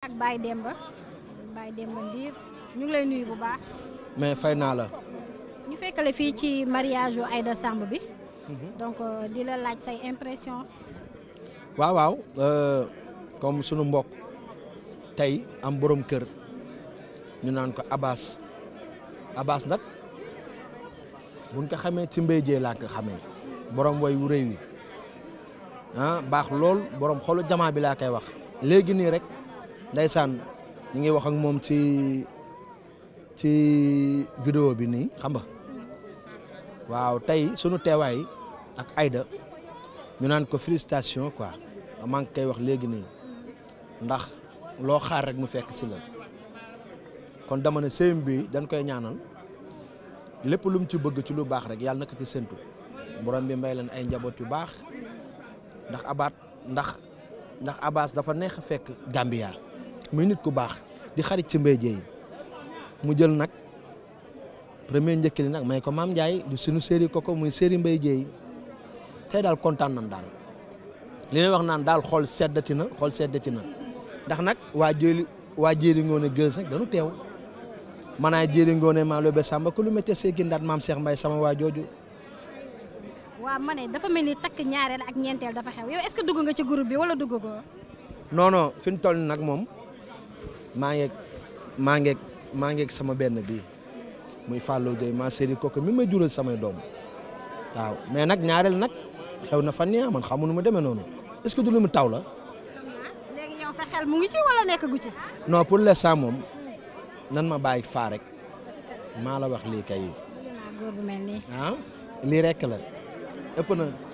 ak Baye Demba Baye Ndiir ñu lay nuyu bu baax. mais fay naa la. ñu fekkale fii ci mariage yu Aïda Samb bi. Mhm. donc euh, di la laaj say impression. waaw waaw euh, comme sunu mbokk tey am boroom kër ñu naan ko Abbas Abbas nag buñ ko xamee ci mbéy jee laa ko xamee borom way wu réew wi ah baax lool boroom xolu jamaa bi laa koy wax léegi nii rek. ndeysaan ñu ngi wax ak moom ci ci vidéo bi nii xam nga waaw tey sunu teewaay ak ayda ñu naan ko félicitation quoi maa ngi koy wax léegi nii ndax loo xaar rek mu fekk si la kon dama ne sëyam bi dañ koy ñaanal lépp lu ci bëgg ci lu baax rek yàlla naka ci séntu borom bi mbay leen ay njaboot yu baax ndax abaat ndax ndax abaas dafa neex fekk Gambia muy nit ku baax di xarit ci Mbaye Dièye mu jël nag premier njëkk li nag may ko maam Ndiaye du suñu série koko muy série Mbaye Dièye tey daal kontaan nañ daal li ñuy wax naan daal xool seddati na xool seddati na ndax nag waa jëli waa jéeri ngoone gël sax dañu teew manaay jéeri ngoone maa loobe sàmba ku lu méttee see gindaat maam seex Mbaye sama waa jooju waaw ma dafa mel takk ñaareel ak ñeenteel dafa xew yow est que dugg nga ci groupe bi wala dugg ko non fi ñu toll nag moom maa ngeeg maa ngeeg maa ngeeg sama benn bi muy Fallou Gueye maa séri kooku mi ma jural samay doom waaw mais nag ñaareel nag xew na fan yii man xamu nu mu demee noonu est-ce que du lu mu taw la. ci wala nekk moom nan ma bàyyi faa rek maa la wax lii kay. ah la